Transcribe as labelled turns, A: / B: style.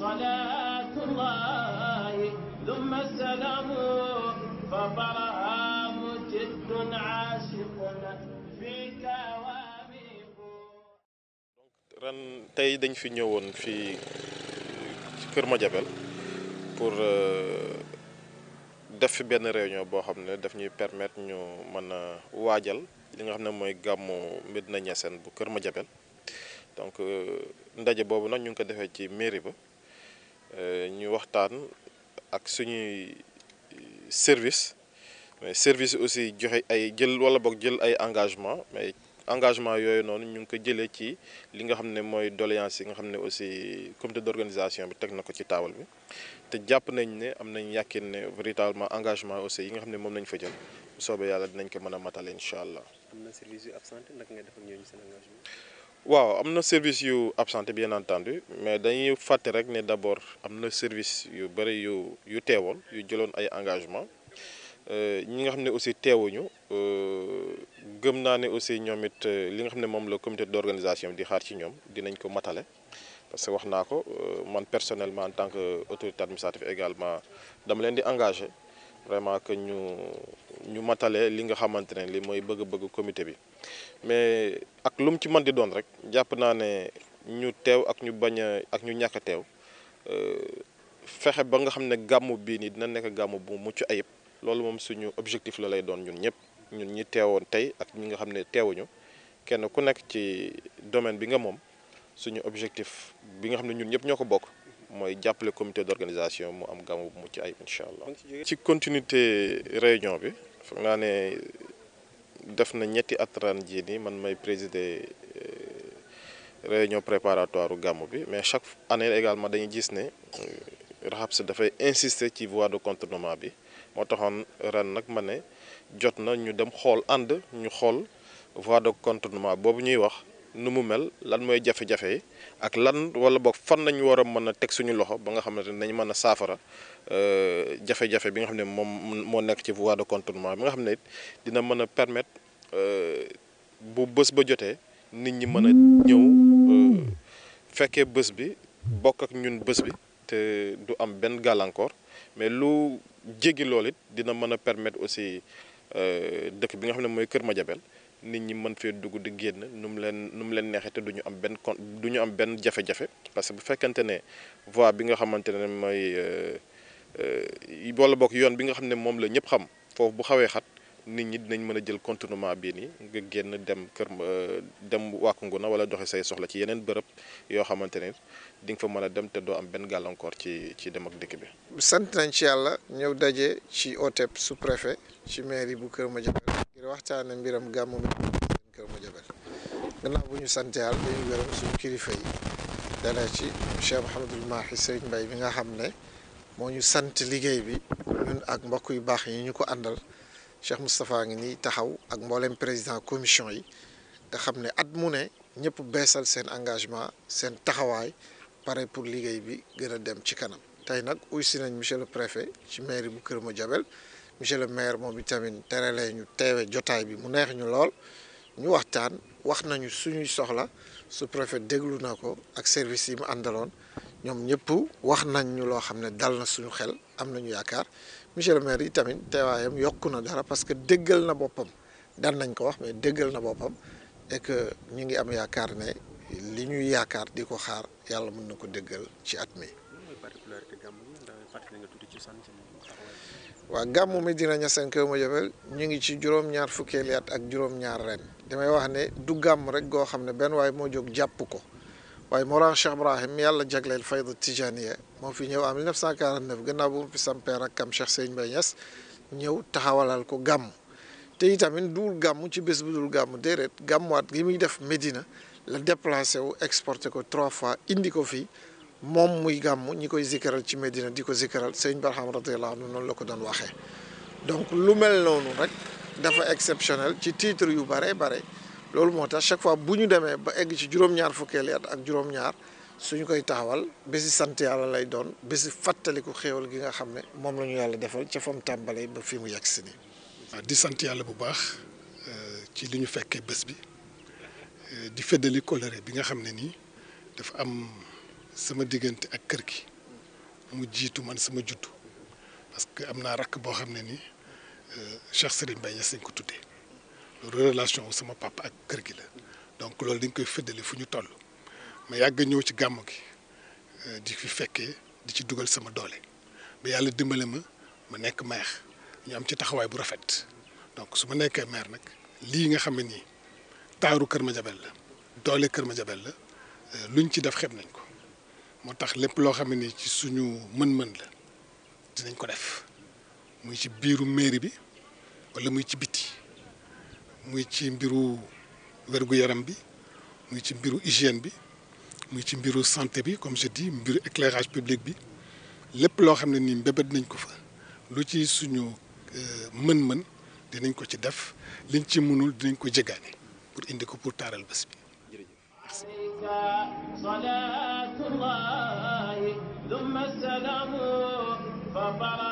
A: صلاة الله
B: ren tey dañ fi ñëwoon fii ci ma Madiabel pour euh, def fi benn réunion boo xam ne daf ñuy permettre ñu mën a waajal li nga xam ne mooy gàmmu Médina Niassène bu Kër ma Madiabel donc euh, ndaje boobu nag ñu ngi ko defee ci mairie ba Euh, ñu waxtaan ak suñuy euh, service mais service aussi joxe ay jël wala boog jël ay engagement mais engagement yooyu noonu ñu ngi ko jëlee ci li nga xam ne mooy doléance yi nga xam ne aussi comité d'organisation bi teg na ko ci taabal bi te jàpp nañ ne am nañ yàqin ne véritablement engagement aussi yi nga xam ne moom nañ fa jël soobee yàlla dinañ ko mën a matal incha allah. na service yu absenté naka nga def ak ñooñu seen engagement. waaw am na service yu absenté bien entendu mais dañuy fàtte rek ne d' abord am na service yu bëri yu yu teewoon yu jëloon ay engagement euh, ñi nga xam ne aussi teewuñu euh, gëm naa ne aussi ñoom it euh, li nga xam ne moom la comité d' organisation di xaar ci ñoom dinañ ko matale parce que wax naa ko man personnellement en tant que autorité administrative également dama leen di engagé vraiment que ñu ñu matale li nga xamante ne li mooy bëgg-bëgg comité bi mais ak lu mu ci mën di doon rek jàpp naa ne ñu teew ak ñu bañ a ak ñu ñàkk a teew euh, fexe ba nga xam ne gàmmu bii nii dina nekk gàmmu bu mucc ayib loolu moom suñu objectif la lay doon ñun ñëpp ñun ñi teewoon tey ak ñi nga xam ne teewuñu kenn ku nekk ci domaine bi nga moom suñu objectif bi nga xam ne ñun ñëpp ñoo ko bokk mooy jàppale comité d'organisation mu am gàmmu bu mucc ayib incha allah. ci continuité réunion bi foog naa ne def na ñetti at ren jii nii man may présider euh, réunion préparatoire gàmmu bi mais chaque année également dañu gis ne euh, raxab si dafay insister ci voie de contournement bi moo taxoon ren nag ma ne jot na ñu dem xool ànd ñu xool voie de contournement boobu ñuy wax. nu mu mel lan mooy jafe-jafe yi ak lan wala boog fan nañ war a mën a teg suñu loxo ba nga xamante ne nañ mën a saafara euh, jafe-jafe bi nga xam ne moom moo nekk ci voie de contournement bi nga xam ne dina mën a permettre euh, bu bës ba jotee nit ñi mën a ñëw euh, fekkee bës bi bokk ak ñun bës bi te du am benn gàllankoor mais lu jéggi loolu it dina mën a permettre aussi dëkk bi nga xam ne mooy Kër Madiabel nit ñi mën fee dugg di génn nu mu leen nu leen neexee te du am benn kon du am benn jafe parce que bu fekkente ne voie bi nga xamante ne mooy euh, euh, wala bokk yoon bi nga xam ne moom la ñëpp xam foofu bu xawee xat nit ñi dinañ mën a jël contournement bii nii nga génn dem kër euh, dem wàkku ngu na wala doxe say soxla ci yeneen bërëb yoo xamante ne di nga fa mën a dem te doo am benn gàllankoor ci ci dem ak dikk bi.
A: sant nañ ci yàlla ñëw daje ci OTEP sous-préfet ci mairie bu Kër Madiabel waxtaane mbiram gàmm mi seen kër mu jabal gannaaw bu ñu sant yàlla dañu suñu kilifa yi dana ci Cheikh Mouhamadul Mahi Serigne Mbaye bi nga xam ne moo ñu sant liggéey bi ñun ak mbokk yu baax yi ñu ko àndal Cheikh Moustapha ngi nii taxaw ak mboolem président commission yi nga xam ne at mu ne ñëpp beesal seen engagement seen taxawaay pare pour liggéey bi gën a dem ci kanam tey nag uy si nañ monsieur le préfet ci mairie bu Kër jabel monsieur le maire moom itamit terale ñu teewe jotaay bi mu neex ñu lool ñu waxtaan wax nañu suñuy soxla su préfet déglu na ko ak service yi mu àndaloon ñoom ñëpp wax nañ ñu loo xam ne dal na suñu xel am nañu yaakaar monsieur le maire itamit teewaayam yokku na dara parce que déggal na boppam dal nañ ko wax mais déggal na boppam et que ñu ngi am yaakaar ne li ñuy yaakaar di ko xaar yàlla mun na ko déggal ci at mi
B: fàttali nga tuuti ci sant
A: waaw gàmmu Medina Niassène Kër Madiabel ñu ngi ci juróom-ñaar fukkeeli at ak juróom-ñaar ren damay wax ne du gàmm rek goo xam ne benn waaye moo jóg jàpp ko waaye Mawlana Cheikh Ibrahim yàlla jagleel fayda tijaniya moo fi ñëw en 1949 gannaaw bu mu fi sampee rakkam Cheikh Sëñ Mbaye Niass ñëw taxawalaal ko gàmm te itamit duul gàmm ci bés bu dul gàmm déedéet gàmmuwaat gi muy def Medina la déplacé wu exporté ko trois fois indi ko fii moom muy gàmm ñi koy zikkaral ci Medina di ko zikkaral sëñ Barham radiyallahu anhu noonu la ko doon waxee donc lu mel noonu rek dafa exceptionnel ci titre yu bare bare loolu moo tax chaque fois bu ñu demee ba egg ci juróom-ñaar fukkeeli at ak juróom-ñaar suñu koy taxawal bési sant yàlla lay doon bési fàttaliku xéewal gi nga xam ne moom la ñu yàlla defal ca fam tàmbalee ba fi mu yegg si nii. waaw di sant yàlla bu baax euh, ci li ñu fekkee
C: bés bi euh, di feddali colère bi nga xam ne nii dafa am. sama diggante ak kër gi mu jiitu man sama juddu parce que am naa rakk boo xam ne ni euh, Cheikh Serigne Mbaye Niass ko tuddee loolu relation wu sama papa ak kër gi la donc loolu dañ koy fëddali fu ñu toll ma yàgg ñëw ci gàmmu gi euh, di fi fekkee di ci dugal sama doole ba yàlla dimbale ma ma nekk maire ñu am ci taxawaay bu rafet donc su ma nekkee maire nag lii nga xam ne nii taaru Kër ma Madiabel la doole Kër ma jabel la lu euh, luñ ci def xeb nañ ko. moo tax lépp loo xam ne ni ci suñu mën-mën la dinañ ko def muy ci biiru mairie bi wala muy ci biti muy ci mbiru wér yaram bi muy ci mbiru hygiène bi muy ci mbiru santé bi comme je dis mbiru éclairage public bi lépp loo xam ne nii mbébét nañ ko fa lu ci suñu euh, mën-mën dinañ ko ci def liñ ci mënul dinañ ko jéggaane pour indi ko pour taaral bés bi
A: ثم السلام فطرى